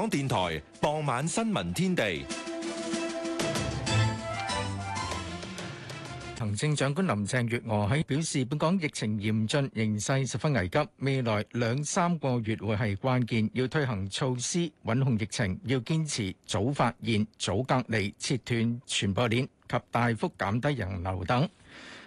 港電臺傍晚新聞天地，行政長官林鄭月娥喺表示，本港疫情嚴峻，形勢十分危急，未來兩三個月會係關鍵，要推行措施穩控疫情，要堅持早發現、早隔離、切斷傳播鏈及大幅減低人流等。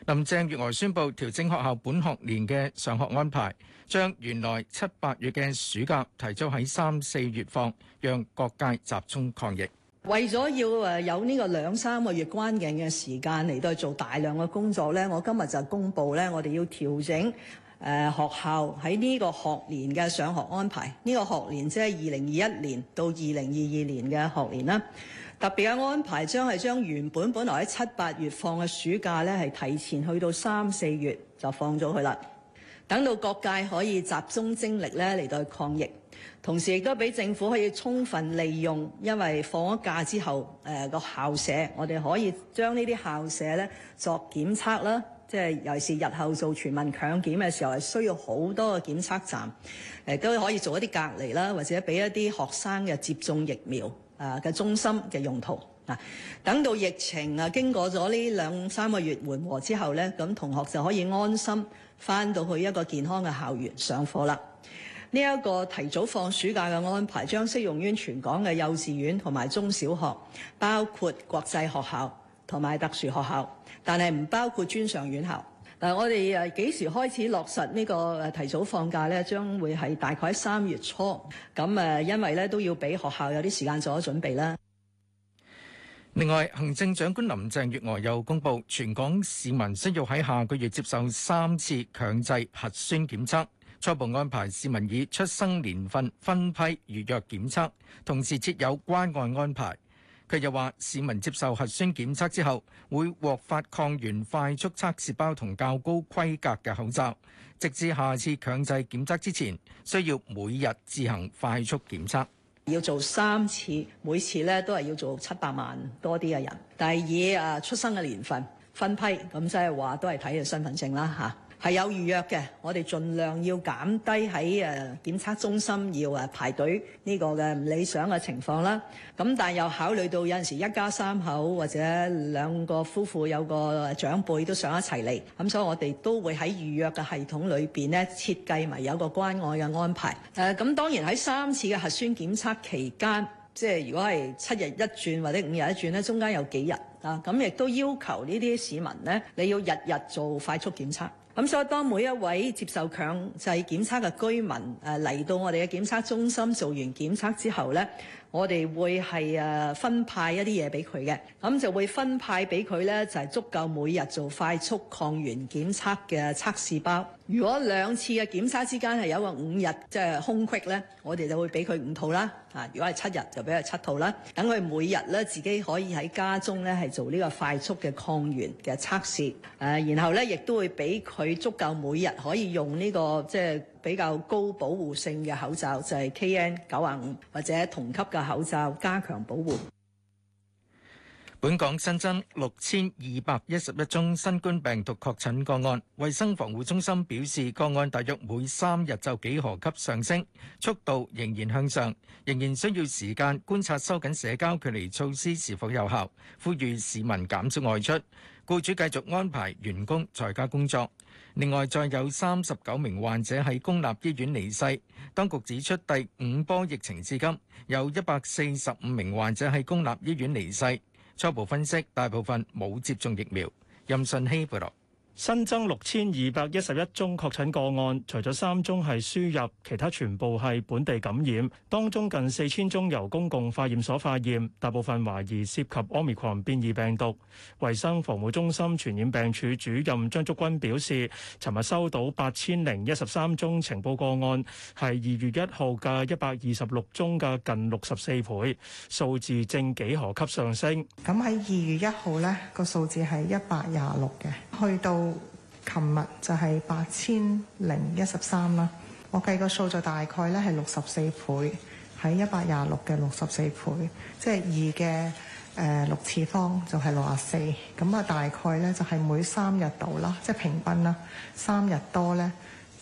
林鄭月娥宣佈調整學校本學年嘅上學安排，將原來七八月嘅暑假提早喺三四月放，讓各界集中抗疫。為咗要誒有呢個兩三個月關鍵嘅時間嚟到做大量嘅工作咧，我今日就公佈咧，我哋要調整誒學校喺呢個學年嘅上學安排。呢個學年即係二零二一年到二零二二年嘅學年啦。特別嘅安排，將係將原本本來喺七八月放嘅暑假咧，係提前去到三四月就放咗佢啦。等到各界可以集中精力咧嚟到去抗疫，同時亦都俾政府可以充分利用，因為放咗假之後，誒、呃、個校舍，我哋可以將呢啲校舍咧作檢測啦，即係尤其是日後做全民強檢嘅時候係需要好多嘅檢測站，誒、呃、都可以做一啲隔離啦，或者俾一啲學生嘅接種疫苗。誒嘅中心嘅用途啊，等到疫情啊經過咗呢兩三個月緩和之後，咧，咁同學就可以安心翻到去一個健康嘅校園上課啦。呢、這、一個提早放暑假嘅安排將適用於全港嘅幼稚園同埋中小學，包括國際學校同埋特殊學校，但係唔包括專上院校。誒，我哋誒幾時開始落實呢個誒提早放假呢？將會係大概三月初。咁誒，因為咧都要俾學校有啲時間做咗準備啦。另外，行政長官林鄭月娥又公布，全港市民需要喺下個月接受三次強制核酸檢測。初步安排市民以出生年份分批預約檢測，同時設有關愛安排。佢又話：市民接受核酸檢測之後，會獲發抗原快速測試包同較高規格嘅口罩，直至下次強制檢測之前，需要每日自行快速檢測。要做三次，每次咧都係要做七百萬多啲嘅人，但係以啊、呃、出生嘅年份分批，咁即係話都係睇下身份證啦嚇。啊係有預約嘅，我哋盡量要減低喺誒檢測中心要排隊呢個嘅唔理想嘅情況啦。咁但係又考慮到有陣時一家三口或者兩個夫婦有個長輩都想一齊嚟，咁所以我哋都會喺預約嘅系統裏面咧設計埋有個關愛嘅安排。誒、呃、咁當然喺三次嘅核酸檢測期間，即係如果係七日一轉或者五日一轉咧，中間有幾日啊？咁亦都要求呢啲市民咧，你要日日做快速檢測。咁所以，當每一位接受強制檢測嘅居民誒嚟到我哋嘅檢測中心做完檢測之後，呢我哋會係誒分派一啲嘢俾佢嘅，咁就會分派俾佢呢就係足夠每日做快速抗原檢測嘅測試包。如果兩次嘅檢測之間係有個五日、即係、空隙咧，我哋就會俾佢五套啦。如果係七日就俾佢七套啦。等佢每日咧自己可以喺家中咧係做呢個快速嘅抗原嘅測試。然後咧亦都會俾佢足夠每日可以用呢、呢個即係、即係、比較高保護性嘅口罩，就係、係、KN 九啊五或者同級嘅口罩加強保護。本港新增六千二百一十一宗新冠病毒確診個案，衛生防護中心表示，個案大約每三日就幾何級上升，速度仍然向上，仍然需要時間觀察收緊社交距離措施是否有效，呼籲市民減少外出。雇主繼續安排員工在家工作。另外，再有三十九名患者喺公立醫院離世。當局指出，第五波疫情至今有一百四十五名患者喺公立醫院離世。初步分析，大部分冇接種疫苗。任信希報道。新增六千二百一十一宗確診個案，除咗三宗係輸入，其他全部係本地感染。當中近四千宗由公共化驗所化驗，大部分懷疑涉及 Omicron 變異病毒。衞生防護中心傳染病處主任張竹君表示，尋日收到八千零一十三宗情報個案，係二月一號嘅一百二十六宗嘅近六十四倍，數字正幾何級上升。咁喺二月一號呢個數字係一百廿六嘅，去到。琴日就係八千零一十三啦，我計個數就大概咧係六十四倍，喺一百廿六嘅六十四倍，即係二嘅誒六次方就係六十四，咁啊大概咧就係每三日度啦，即係平均啦，三日多咧。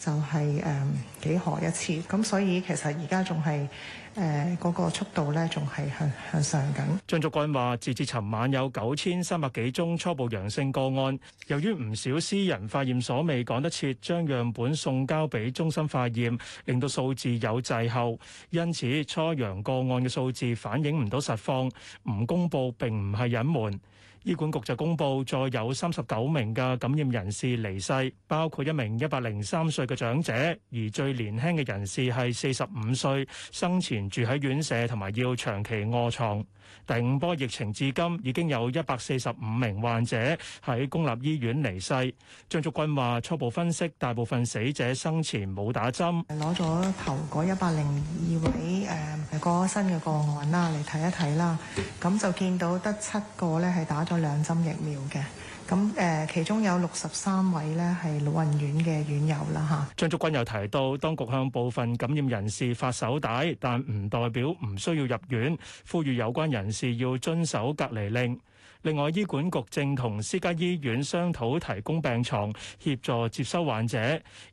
就係、是、誒、嗯、幾何一次，咁所以其實而家仲係誒嗰個速度咧，仲係向向上緊。張竹君話，截至尋晚有九千三百幾宗初步陽性個案，由於唔少私人化驗所未趕得切將樣本送交俾中心化驗，令到數字有滯後，因此初陽個案嘅數字反映唔到實況，唔公佈並唔係隱瞞。醫管局就公佈再有三十九名嘅感染人士離世，包括一名一百零三歲嘅長者，而最年輕嘅人士係四十五歲，生前住喺院舍同埋要長期臥床。第五波疫情至今已經有一百四十五名患者喺公立醫院離世。張竹君話初步分析，大部分死者生前冇打針。攞咗頭嗰一百零二位誒個新嘅個案啦，嚟睇一睇啦，咁就見到得七個咧係打。兩針疫苗嘅，咁誒、呃，其中有六十三位呢，係老人院嘅院友啦嚇。張竹君又提到，當局向部分感染人士發手帶，但唔代表唔需要入院，呼籲有關人士要遵守隔離令。另外，醫管局正同私家醫院商討提供病床協助接收患者，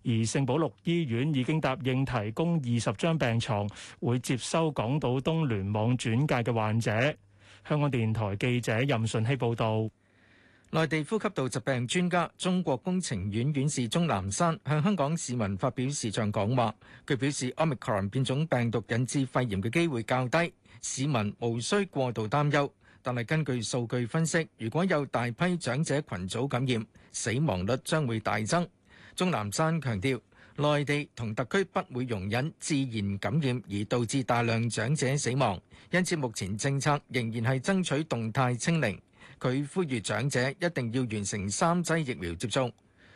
而聖保祿醫院已經答應提供二十張病床，會接收港島東聯網轉介嘅患者。香港電台記者任順希報導，內地呼吸道疾病專家中國工程院院士鍾南山向香港市民發表視像講話。佢表示，Omicron 變種病毒引致肺炎嘅機會較低，市民無需過度擔憂。但係根據數據分析，如果有大批長者群組感染，死亡率將會大增。鍾南山強調，內地同特區不會容忍自然感染而導致大量長者死亡，因此目前政策仍然係爭取動態清零。佢呼籲長者一定要完成三劑疫苗接種。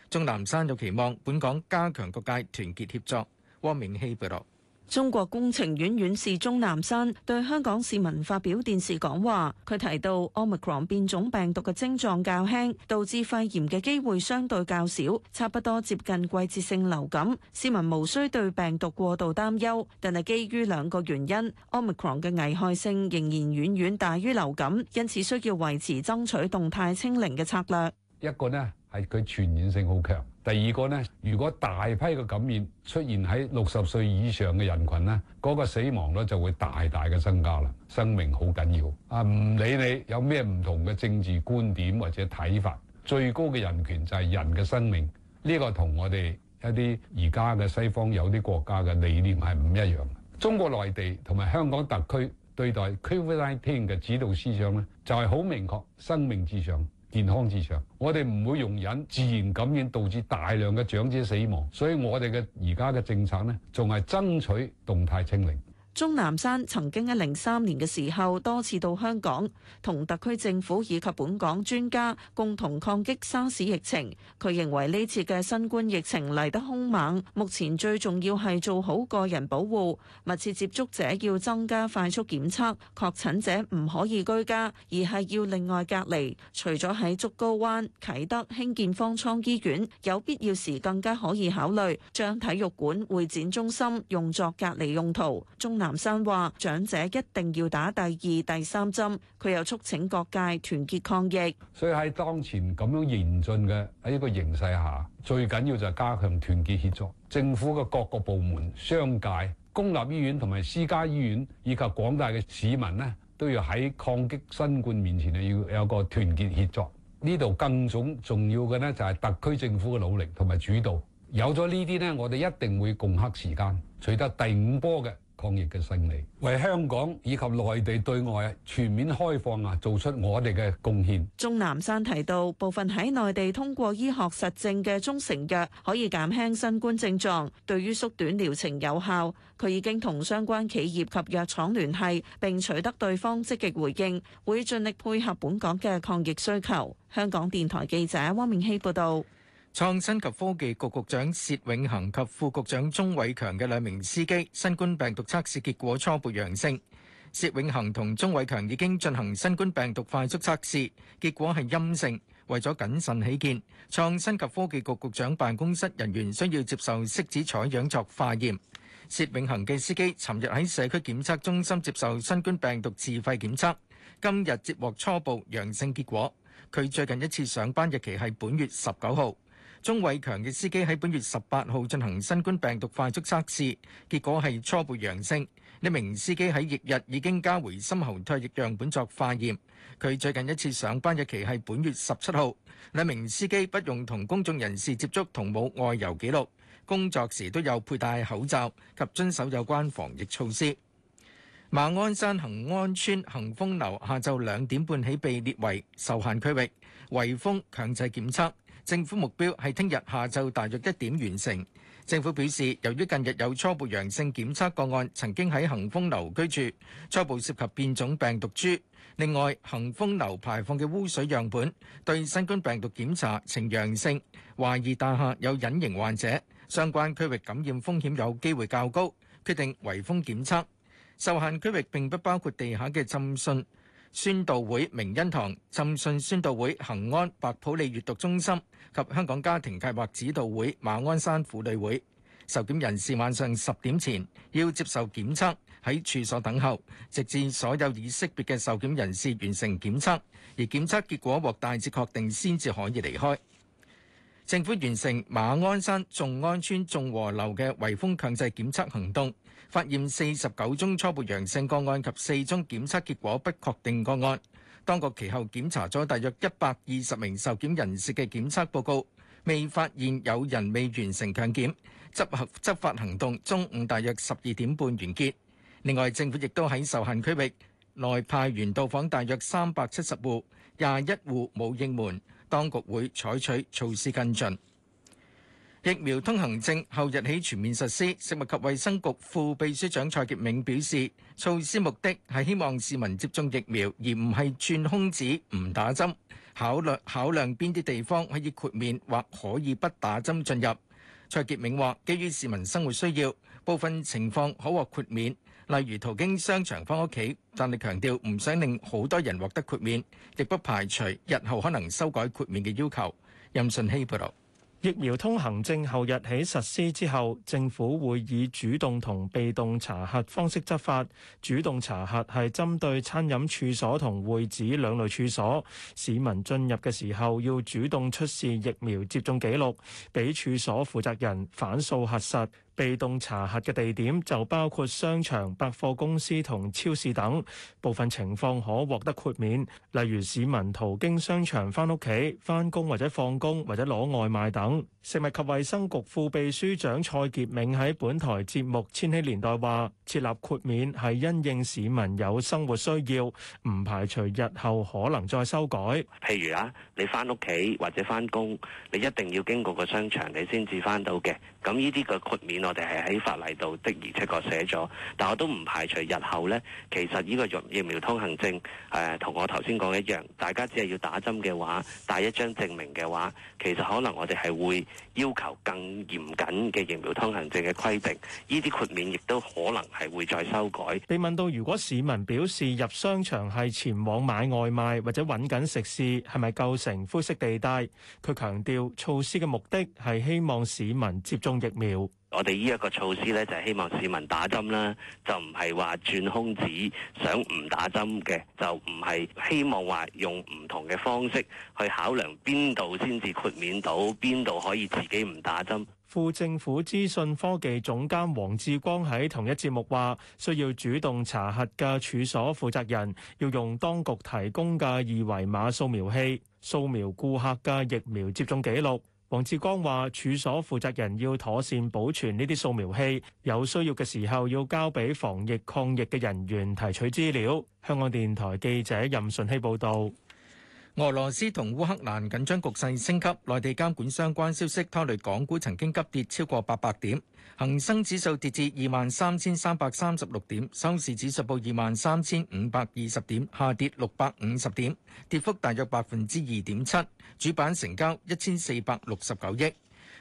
鍾南山又期望本港加強各界團結協作。汪明熙報道。中國工程院院士鍾南山對香港市民發表電視講話，佢提到 Omicron 變種病毒嘅症狀較輕，導致肺炎嘅機會相對較少，差不多接近季節性流感，市民無需對病毒過度擔憂。但係基於兩個原因，Omicron 嘅危害性仍然遠遠遠大於流感，因此需要維持爭取動態清零嘅策略。一個呢，係佢傳染性好強。第二個呢，如果大批嘅感染出現喺六十歲以上嘅人群咧，嗰個死亡率就會大大嘅增加啦。生命好緊要啊！唔理你有咩唔同嘅政治觀點或者睇法，最高嘅人權就係人嘅生命。呢個同我哋一啲而家嘅西方有啲國家嘅理念係唔一樣。中國內地同埋香港特區對待 COVID-19 嘅指導思想呢就係好明確，生命至上。健康至上，我哋唔會容忍自然感染導致大量嘅長者死亡，所以我哋嘅而家嘅政策呢，仲係爭取動態清零。鍾南山曾經喺零三年嘅時候多次到香港，同特區政府以及本港專家共同抗擊沙士疫情。佢認為呢次嘅新冠疫情嚟得凶猛，目前最重要係做好個人保護，密切接觸者要增加快速檢測，確診者唔可以居家，而係要另外隔離。除咗喺竹篙灣、啟德、興建方艙醫院，有必要時更加可以考慮將體育館、會展中心用作隔離用途。鍾。南山話長者一定要打第二、第三針，佢又促請各界團結抗疫。所以喺當前咁樣嚴峻嘅喺一個形勢下，最緊要就係加強團結協作。政府嘅各個部門商界、公立醫院同埋私家醫院，以及廣大嘅市民咧，都要喺抗擊新冠面前啊，要有個團結協作。呢度更重重要嘅呢就係特區政府嘅努力同埋主導，有咗呢啲咧，我哋一定會共克時間，取得第五波嘅抗疫嘅勝利，為香港以及內地對外全面開放啊，做出我哋嘅貢獻。鍾南山提到，部分喺內地通過醫學實證嘅中成藥可以減輕新冠症狀，對於縮短療程有效。佢已經同相關企業及藥廠聯繫，並取得對方積極回應，會盡力配合本港嘅抗疫需求。香港電台記者汪明希報道。創新及科技局局長薛永恆及副局長鍾偉強嘅兩名司機新冠病毒測試結果初步陽性。薛永恆同鍾偉強已經進行新冠病毒快速測試，結果係陰性。為咗謹慎起見，創新及科技局局長辦公室人員需要接受拭子採樣作化驗。薛永恆嘅司機尋日喺社區檢測中心接受新冠病毒自費檢測，今日接獲初步陽性結果。佢最近一次上班日期係本月十九號。鍾偉強嘅司機喺本月十八號進行新冠病毒快速測試，結果係初步陽性。呢名司機喺翌日，日已經交回深喉唾液樣本作化驗。佢最近一次上班日期係本月十七號。兩名司機不用同公眾人士接觸，同冇外遊記錄，工作時都有佩戴口罩及遵守有關防疫措施。馬鞍山恒安邨恒豐樓下晝兩點半起被列為受限區域，圍封強制檢測。政府目標係聽日下晝大約一點完成。政府表示，由於近日有初步陽性檢測個案曾經喺恆豐樓居住，初步涉及變種病毒株。另外，恆豐樓排放嘅污水樣本對新冠病毒檢查呈陽性，懷疑大廈有隱形患者，相關區域感染風險有機會較高，決定圍封檢測。受限區域並不包括地下嘅浸信宣道會明恩堂、浸信宣道會恒安、白普利閱讀中心及香港家庭計劃指導會馬鞍山婦女會，受檢人士晚上十點前要接受檢測，喺處所等候，直至所有已識別嘅受檢人士完成檢測，而檢測結果獲大致確定，先至可以離開。政府完成馬鞍山眾安邨眾和樓嘅圍封強制檢測行動，發現四十九宗初步陽性個案及四宗檢測結果不確定個案。當局其後檢查咗大約一百二十名受檢人士嘅檢測報告，未發現有人未完成強檢。執法行動中午大約十二點半完結。另外，政府亦都喺受限區域內派員到訪大約三百七十戶，廿一戶冇應門。當局會採取措施跟進疫苗通行證，後日起全面實施。食物及衛生局副秘書長蔡潔明表示，措施目的係希望市民接種疫苗，而唔係鑽空子唔打針。考慮考量邊啲地方可以豁免或可以不打針進入。蔡潔明話，基於市民生活需要，部分情況可獲豁免。例如途經商場返屋企，但係強調唔使令好多人獲得豁免，亦不排除日後可能修改豁免嘅要求。任順希報道，疫苗通行證後日起實施之後，政府會以主動同被動查核方式執法。主動查核係針對餐飲處所同會址兩類處所，市民進入嘅時候要主動出示疫苗接種記錄，俾處所負責人反掃核實。被動查核嘅地點就包括商場、百貨公司同超市等，部分情況可獲得豁免，例如市民途經商場返屋企、返工或者放工或者攞外賣等。食物及衞生局副秘書長蔡潔明喺本台節目《千禧年代》話：設立豁免係因應市民有生活需要，唔排除日後可能再修改。譬如啊，你返屋企或者返工，你一定要經過個商場，你先至返到嘅。咁呢啲嘅豁免，我哋係喺法例度的而且確寫咗，但我都唔排除日後呢。其實呢個疫苗通行證，誒同我頭先講一樣，大家只係要打針嘅話，帶一張證明嘅話，其實可能我哋係會，要求更嚴謹嘅疫苗通行證嘅規定，呢啲豁免亦都可能係會再修改。 被問到如果市民表示入商場係前往買外賣或者揾緊食肆，係咪構成灰色地帶？佢強調措施嘅目的係希望市民接種疫苗。我哋呢一個措施咧，就係、是、希望市民打針啦，就唔係話轉空子想，想唔打針嘅就唔係希望話用唔同嘅方式去考量邊度先至豁免到，邊度可以自己唔打針，副政府資訊科技總監黃志光喺同一節目話，需要主動查核噶處所負責人，要用當局提供噶二維碼掃描器掃描顧客噶疫苗接種記錄。黃志光話，處所負責人要妥善保存呢啲掃描器，有需要嘅時候要交俾防疫抗疫嘅人員提取資料。香港電台記者任順熙報道。俄羅斯同烏克蘭緊張局勢升級，內地監管相關消息拖累港股，曾經急跌超過八百點，恒生指數跌至二萬三千三百三十六點，收市指數報二萬三千五百二十點，下跌六百五十點，跌幅大約百分之二點七。主板成交一千四百六十九億，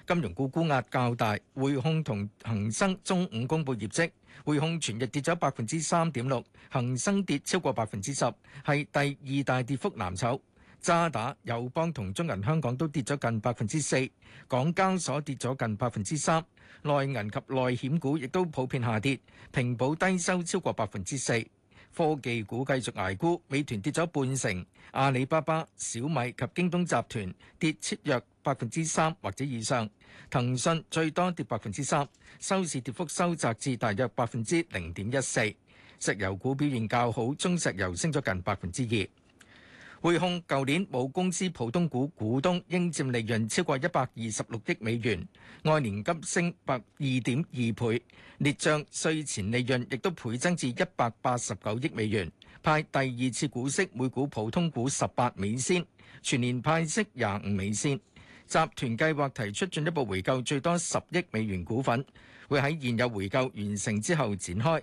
金融股沽壓較大，匯控同恒生中午公布業績，匯控全日跌咗百分之三點六，恒生跌超過百分之十，係第二大跌幅藍籌。渣打、友邦同中銀香港都跌咗近百分之四，港交所跌咗近百分之三，內銀及內險股亦都普遍下跌，平保低收超過百分之四。科技股繼續捱沽，美團跌咗半成，阿里巴巴、小米及京東集團跌切約百分之三或者以上，騰訊最多跌百分之三，收市跌幅收窄至大約百分之零點一四。石油股表現較好，中石油升咗近百分之二。匯控舊年母公司普通股股東應占利潤超過一百二十六億美元，按年急升百二點二倍，列賬稅前利潤亦都倍增至一百八十九億美元，派第二次股息每股普通股十八美仙，全年派息廿五美仙。集團計劃提出進一步回購最多十億美元股份，會喺現有回購完成之後展開。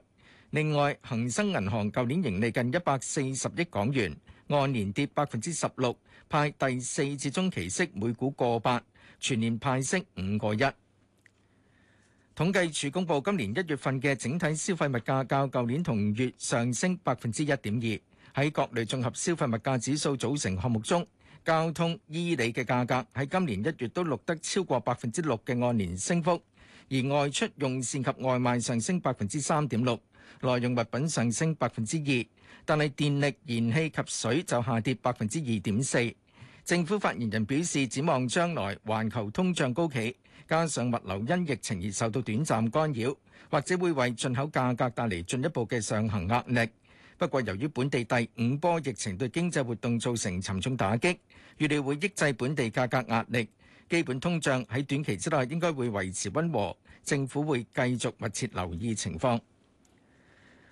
另外，恒生銀行舊年盈利近一百四十億港元。按年跌百分之十六，派第四至中期息每股過八，全年派息五個一。統計處公布今年一月份嘅整體消費物價較舊年同月上升百分之一點二。喺各類綜合消費物價指數組成項目中，交通、醫理嘅價格喺今年一月都錄得超過百分之六嘅按年升幅，而外出用膳及外賣上升百分之三點六。耐用物品上升百分之二，但係電力、燃氣及水就下跌百分之二點四。政府發言人表示，展望將來，環球通脹高企，加上物流因疫情而受到短暫干擾，或者會為進口價格帶嚟進一步嘅上行壓力。不過，由於本地第五波疫情對經濟活動造成沉重打擊，預料會抑制本地價格壓力，基本通脹喺短期之內應該會維持溫和。政府會繼續密切留意情況。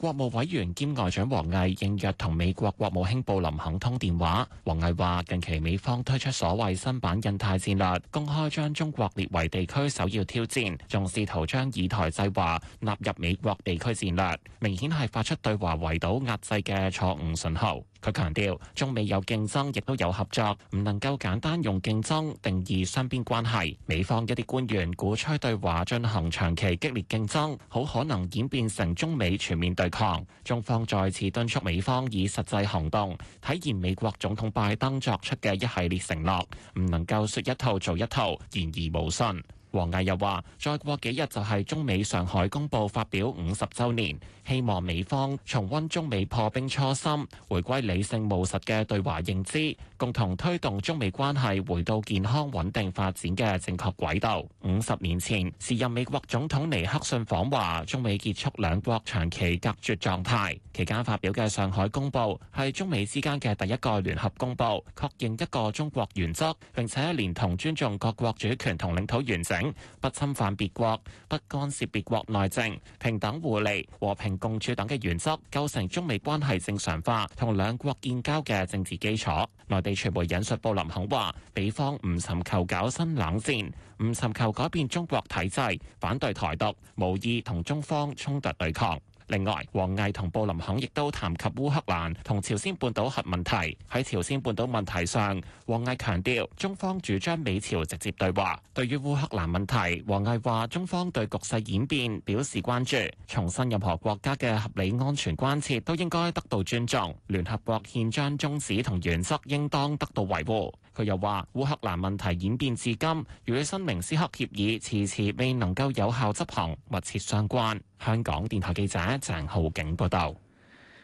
國務委員兼外長王毅應約同美國國務卿布林肯通電話。王毅話：近期美方推出所謂新版印太戰略，公開將中國列為地區首要挑戰，仲試圖將以台制華納入美國地區戰略，明顯係發出對華圍堵、壓制嘅錯誤信號。佢強調，中美有競爭，亦都有合作，唔能夠簡單用競爭定義雙邊關係。美方一啲官員鼓吹對華進行長期激烈競爭，好可能演變成中美全面對抗。中方再次敦促美方以實際行動體現美國總統拜登作出嘅一系列承諾，唔能夠説一套做一套，言而無信。王毅又話：再過幾日就係中美上海公報發表五十周年，希望美方重温中美破冰初心，回歸理性務實嘅對華認知，共同推動中美關係回到健康穩定發展嘅正確軌道。五十年前，時任美國總統尼克遜訪華，中美結束兩國長期隔絕狀態期間發表嘅上海公報，係中美之間嘅第一個聯合公報，確認一個中國原則，並且連同尊重各國主權同領土完整。不侵犯別國、不干涉別國內政、平等互利、和平共處等嘅原則，構成中美關係正常化同兩國建交嘅政治基礎。內地傳媒引述布林肯話：美方唔尋求搞新冷戰，唔尋求改變中國體制，反對台獨，無意同中方衝突對抗。另外，王毅同布林肯亦都談及烏克蘭同朝鮮半島核問題。喺朝鮮半島問題上，王毅強調中方主張美朝直接對話。對於烏克蘭問題，王毅話中方對局勢演變表示關注，重申任何國家嘅合理安全關切都應該得到尊重，聯合國憲章宗旨同原則應當得到維護。佢又話烏克蘭問題演變至今與新明斯克協議遲遲未能夠有效執行密切相關。香港電台記者鄭浩景報道：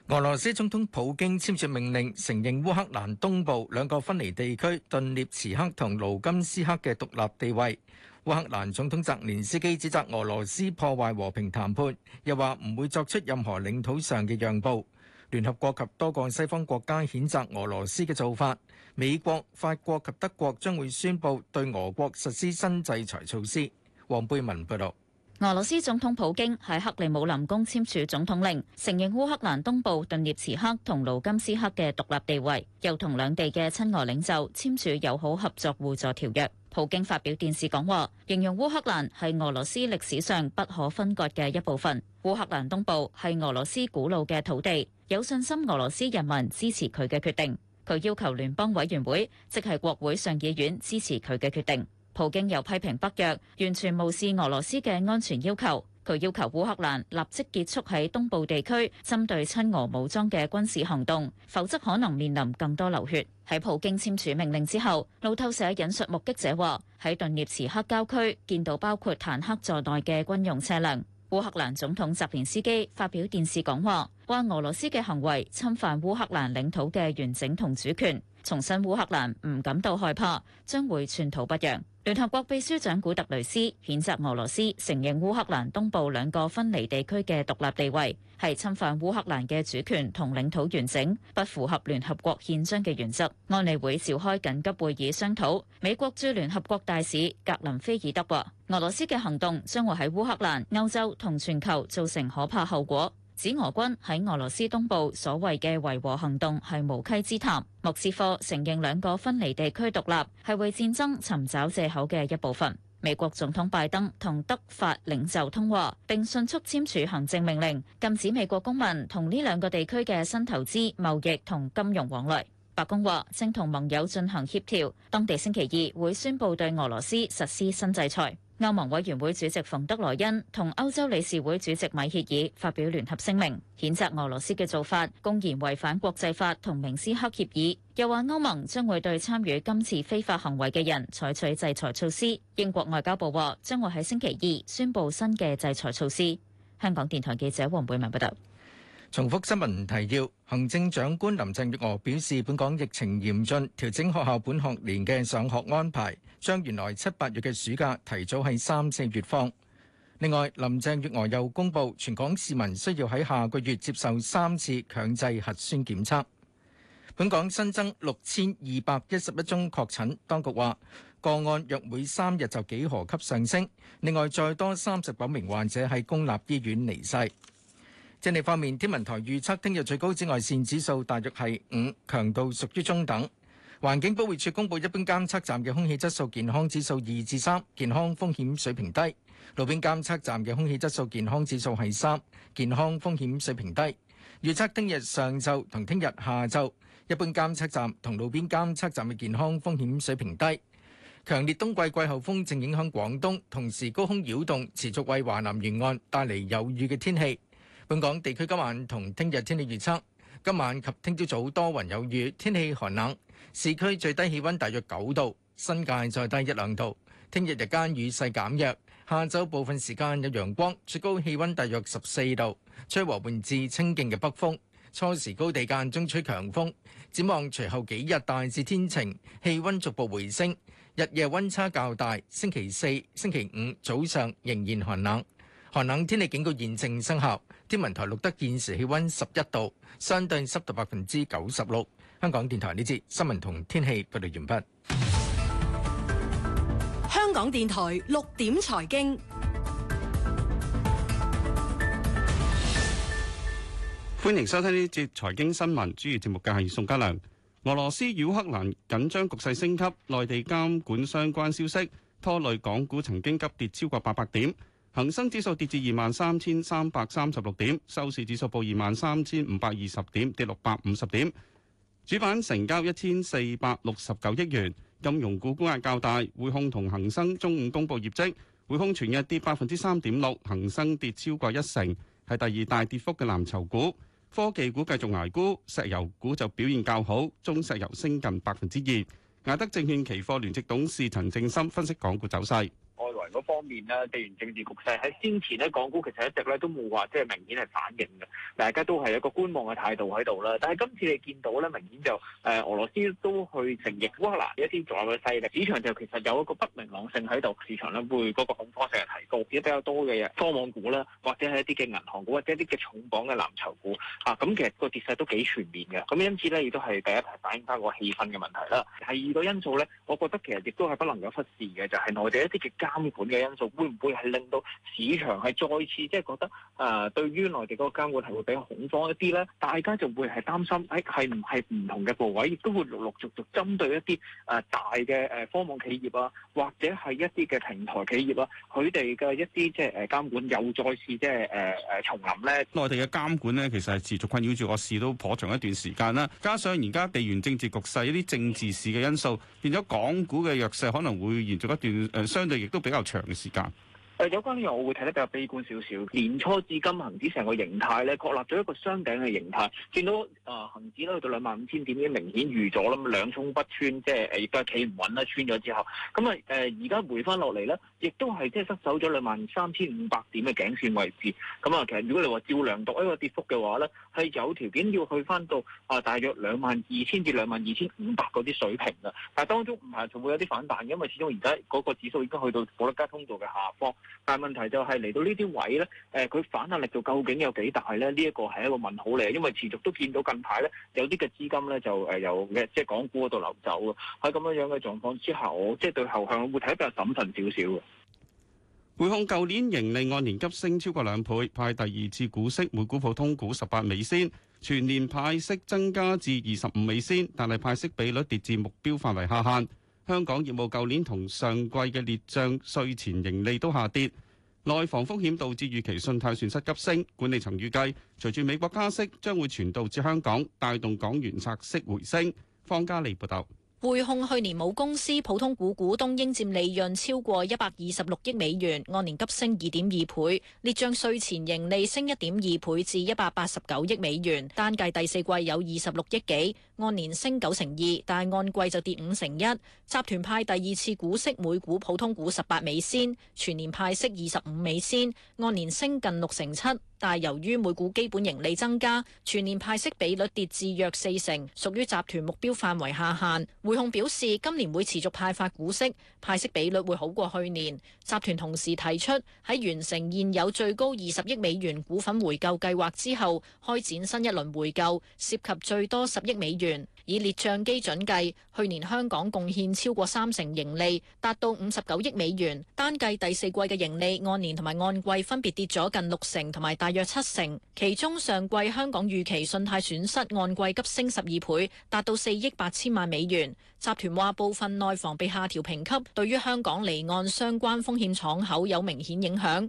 俄羅斯總統普京簽署命令，承認烏克蘭東部兩個分離地區頓涅茨克同盧甘斯克嘅獨立地位。烏克蘭總統澤連斯基指責俄羅斯破壞和平談判，又話唔會作出任何領土上嘅讓步。聯合國及多個西方國家譴責俄羅斯嘅做法。美國、法國及德國將會宣布對俄國實施新制裁措施。黃貝文報道。俄羅斯總統普京喺克里姆林宮簽署總統令，承認烏克蘭東部頓涅茨克同盧甘斯克嘅獨立地位，又同兩地嘅親俄領袖簽署友好合作互助條約。普京發表電視講話，形容烏克蘭係俄羅斯歷史上不可分割嘅一部分。烏克蘭東部係俄羅斯古老嘅土地，有信心俄羅斯人民支持佢嘅決定。佢要求聯邦委員會，即係國會上議院支持佢嘅決定。普京又批評北約完全無視俄羅斯嘅安全要求，佢要求烏克蘭立即結束喺東部地區針對親俄武裝嘅軍事行動，否則可能面臨更多流血。喺普京簽署命令之後，路透社引述目擊者話：喺頓涅茨克郊區見到包括坦克在內嘅軍用車輛。烏克蘭總統澤連斯基發表電視講話，話俄羅斯嘅行為侵犯烏克蘭領土嘅完整同主權。重申烏克蘭唔感到害怕，將會寸土不讓。聯合國秘書長古特雷斯譴責俄羅斯承認烏克蘭東部兩個分離地區嘅獨立地位，係侵犯烏克蘭嘅主權同領土完整，不符合聯合國憲章嘅原則。安理會召開緊急會議商討。美國駐聯合國大使格林菲爾德話：俄羅斯嘅行動將會喺烏克蘭、歐洲同全球造成可怕後果。指俄軍喺俄羅斯東部所謂嘅維和行動係無稽之談。莫斯科承認兩個分離地區獨立係為戰爭尋找借口嘅一部分。美國總統拜登同德法領袖通話，並迅速簽署行政命令，禁止美國公民同呢兩個地區嘅新投資、貿易同金融往來。白宮話，正同盟友進行協調，當地星期二會宣布對俄羅斯實施新制裁。歐盟委員會主席馮德萊恩同歐洲理事會主席米歇爾發表聯合聲明，譴責俄羅斯嘅做法公然違反國際法同明斯克協議，又話歐盟將會對參與今次非法行為嘅人採取制裁措施。英國外交部話將會喺星期二宣布新嘅制裁措施。香港電台記者黃貝文報道。重複新聞提要。行政長官林鄭月娥表示，本港疫情嚴峻，調整學校本學年嘅上學安排，將原來七八月嘅暑假提早喺三四月放。另外，林鄭月娥又公布，全港市民需要喺下個月接受三次強制核酸檢測。本港新增六千二百一十一宗確診，當局話個案約每三日就幾何級上升。另外，再多三十九名患者喺公立醫院離世。天氣方面，天文台預測聽日最高紫外線指數大約係五，強度屬於中等。環境保護署公布一般監測站嘅空氣質素健康指數二至三，健康風險水平低；路邊監測站嘅空氣質素健康指數係三，健康風險水平低。預測聽日上晝同聽日下晝，一般監測站同路邊監測站嘅健康風險水平低。強烈冬季季候風正影響廣東，同時高空擾動持續為華南沿岸帶嚟有雨嘅天氣。本港地區今晚同聽日天氣預測：今晚及聽朝早多雲有雨，天氣寒冷，市區最低氣温大約九度，新界再低一兩度。聽日日間雨勢減弱，下晝部分時間有陽光，最高氣温大約十四度，吹和緩至清勁嘅北風。初時高地間中吹強風。展望隨後幾日大致天晴，氣温逐步回升，日夜温差較大。星期四、星期五早上仍然寒冷，寒冷天氣警告現正生效。天文台錄得現時氣溫十一度，相對濕度百分之九十六。香港電台呢節新聞同天氣報道完畢。香港電台六點財經，歡迎收聽呢節財經新聞。主要節目嘅係宋家良。俄羅斯烏克蘭緊張局勢升級，內地監管相關消息拖累港股，曾經急跌超過八百點。恒生指數跌至二萬三千三百三十六點，收市指數報二萬三千五百二十點，跌六百五十點。主板成交一千四百六十九億元，金融股沽壓較大。匯控同恒生中午公布業績，匯控全日跌百分之三點六，恒生跌超過一成，係第二大跌幅嘅藍籌股。科技股繼續捱沽，石油股就表現較好，中石油升近百分之二。艾德證券期貨聯席董事陳正森分析港股走勢。外圍嗰方面咧，地緣政治局勢喺先前呢港股其實一直咧都冇話即係明顯係反應嘅，大家都係一個觀望嘅態度喺度啦。但係今次你見到咧，明顯就誒、呃、俄羅斯都去承認烏克蘭一啲獨立嘅勢力，市場就其實有一個不明朗性喺度，市場咧會嗰個恐慌性提高，一比較多嘅科網股啦，或者係一啲嘅銀行股，或者一啲嘅重磅嘅藍籌股啊，咁、嗯、其實個跌勢都幾全面嘅。咁、嗯、因此咧，亦都係第一排反映翻個氣氛嘅問題啦。第二個因素咧，我覺得其實亦都係不能夠忽視嘅，就係內地一啲極。監管嘅因素會唔會係令到市場係再次即係、就是、覺得誒、呃、對於內地嗰個監管係會比較恐慌一啲咧？大家就會係擔心誒係唔係唔同嘅部位，亦都會陸陸續續針對一啲誒、呃、大嘅誒科網企業啊，或者係一啲嘅平台企業啊。佢哋嘅一啲即係誒監管又再次即係誒誒重臨咧？內地嘅監管咧，其實係持續困擾住個市都頗長一段時間啦。加上而家地緣政治局勢一啲政治事嘅因素，變咗港股嘅弱勢可能會延續一段誒、呃、相對。都比較長嘅時間。誒、呃，有關嘅我會睇得比較悲觀少少。年初至今，恒指成個形態咧，確立咗一個雙頂嘅形態，見到啊，恆、呃、指咧去到兩萬五千點已經明顯遇咗啦，咁兩衝不穿，即係誒亦都係企唔穩啦，穿咗之後，咁啊誒，而家回翻落嚟咧。亦都係即係失守咗兩萬三千五百點嘅頸線位置，咁啊，其實如果你話照量度一個跌幅嘅話咧，係有條件要去翻到啊大約兩萬二千至兩萬二千五百嗰啲水平嘅。但係當中唔係仲會有啲反彈，因為始終而家嗰個指數已經去到保歷加通道嘅下方。但係問題就係嚟到呢啲位咧，誒佢反彈力度究竟有幾大咧？呢一個係一個問號嚟，因為持續都見到近排咧有啲嘅資金咧就誒由即係港股嗰度流走喎。喺咁樣樣嘅狀況之下，我即係對後向會睇比較審慎少少嘅。匯控舊年盈利按年急升超過兩倍，派第二次股息每股普通股十八美仙，全年派息增加至二十五美仙，但係派息比率跌至目標範圍下限。香港業務舊年同上季嘅列賬稅前盈利都下跌，內房風險導致預期信貸損失，失急升。管理層預計，隨住美國加息，將會傳導至香港，帶動港元拆息回升。方嘉利報道。匯控去年母公司普通股股東應佔利潤超過一百二十六億美元，按年急升二點二倍，列帳稅前盈利升一點二倍至一百八十九億美元，單計第四季有二十六億幾。按年升九成二，但係按季就跌五成一。集團派第二次股息每股普通股十八美仙，全年派息二十五美仙，按年升近六成七。但係由於每股基本盈利增加，全年派息比率跌至約四成，屬於集團目標範圍下限。匯控表示今年會持續派發股息，派息比率會好過去年。集團同時提出喺完成現有最高二十億美元股份回購計劃之後，開展新一輪回購，涉及最多十億美元。以列賬基準計，去年香港貢獻超過三成盈利，達到五十九億美元。單計第四季嘅盈利，按年同埋按季分別跌咗近六成同埋大約七成。其中上季香港預期信貸損失按季急升十二倍，達到四億八千萬美元。集團話部分內房被下調評級，對於香港離岸相關風險敞口有明顯影響。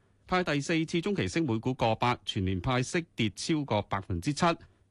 派第四次中期息每股過百，全年派息跌超過百分之七，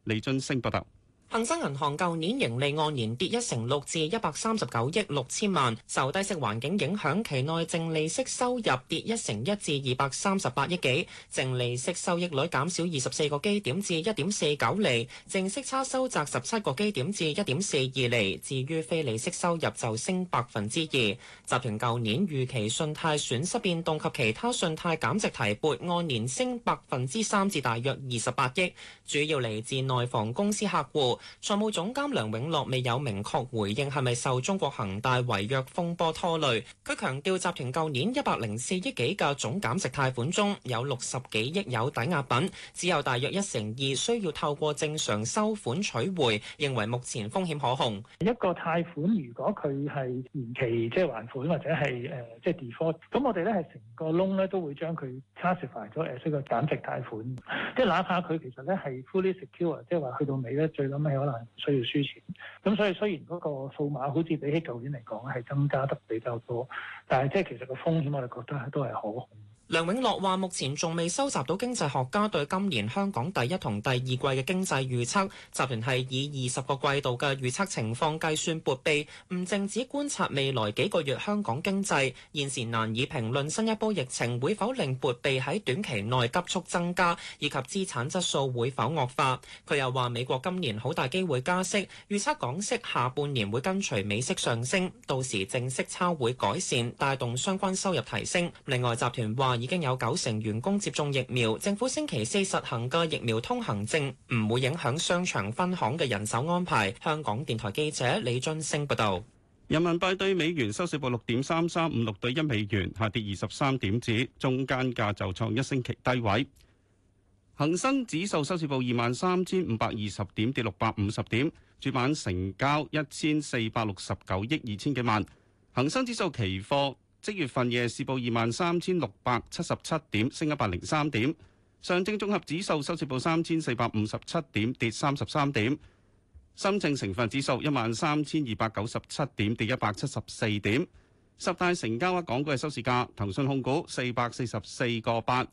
李俊升不夠。恒生銀行舊年盈利按年跌一成六至一百三十九億六千萬，受低息環境影響，期內淨利息收入跌一成一至二百三十八億幾，淨利息收益率減少二十四個基點至一點四九厘，淨息差收窄十七個基點至一點四二厘。至於非利息收入就升百分之二，集團舊年預期信貸損失變動及其他信貸減值提撥按年升百分之三至大約二十八億，主要嚟自內房公司客戶。財務總監梁永樂未有明確回應係咪受中國恒大違約風波拖累。佢強調集團舊年一百零四億幾嘅總減值貸款中，有六十幾億有抵押品，只有大約一成二需要透過正常收款取回，認為目前風險可控。一個貸款如果佢係延期即係、就是、還款或者係誒即係 default，咁我哋咧係成個 loan 咧都會將佢 classify 咗誒，即係個減值貸款，即係哪怕佢其實咧係 fully secure 即係話去到尾咧最諗。.可能需要輸錢，咁所以雖然嗰個數碼好似比起舊年嚟講，係增加得比較多，但係即係其實個風險我哋覺得都係好。梁永樂話，目前仲未收集到經濟學家對今年香港第一同第二季嘅經濟預測。集團係以二十個季度嘅預測情況計算撥備，唔淨止觀察未來幾個月香港經濟，現時難以評論新一波疫情會否令撥備喺短期內急速增加，以及資產質素會否惡化。佢又話美國今年好大機會加息，預測港息下半年會跟隨美息上升，到時淨息差會改善，帶動相關收入提升。另外，集團話。已經有九成員工接種疫苗，政府星期四實行嘅疫苗通行證唔會影響商場分行嘅人手安排。香港電台記者李俊升報導。人民幣對美元收市報六點三三五六對一美元，下跌二十三點，指中間價就創一星期低位。恆生指數收市報二萬三千五百二十點，跌六百五十點，主板成交一千四百六十九億二千幾萬。恆生指數期貨。即月份夜市報二萬三千六百七十七點，升一百零三點。上證綜合指數收市報三千四百五十七點，跌三十三點。深證成分指數一萬三千二百九十七點，跌一百七十四點。十大成交額港股嘅收市價，騰訊控股四百四十四個八，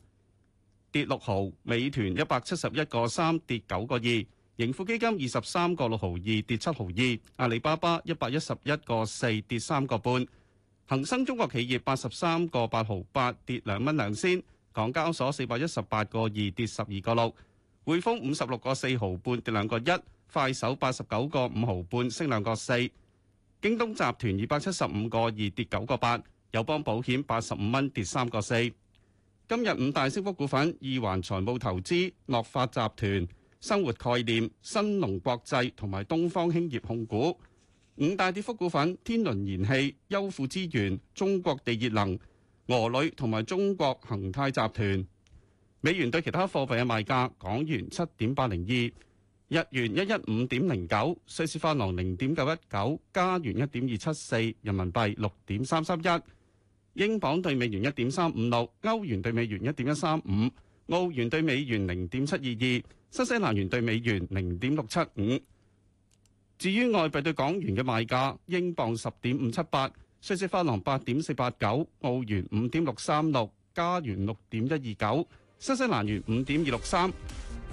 跌六毫；美團一百七十一個三，跌九個二；盈富基金二十三個六毫二，跌七毫二；阿里巴巴一百一十一個四，跌三個半。恒生中國企業八十三個八毫八跌兩蚊兩先，港交所四百一十八個二跌十二個六，匯豐五十六個四毫半跌兩個一，快手八十九個五毫半升兩個四，京東集團二百七十五個二跌九個八，友邦保險八十五蚊跌三個四。今日五大升幅股份：二環財務投資、諾發集團、生活概念、新農國際同埋東方興業控股。五大跌幅股份：天倫燃氣、優富資源、中國地熱能、俄鋁同埋中國恒泰集團。美元對其他貨幣嘅賣價：港元七點八零二，日元一一五點零九，瑞士法郎零點九一九，加元一點二七四，人民幣六點三三一，英鎊對美元一點三五六，歐元對美元一點一三五，澳元對美元零點七二二，新西蘭元對美元零點六七五。至於外幣對港元嘅賣價，英鎊十點五七八，瑞士法郎八點四八九，澳元五點六三六，加元六點一二九，新西蘭元五點二六三。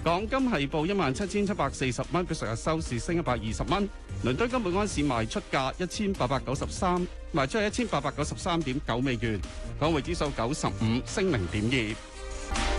港金係報一萬七千七百四十蚊，比上日收市升一百二十蚊。倫敦金每盎司賣出價一千八百九十三，賣出去一千八百九十三點九美元。港匯指數九十五，升零點二。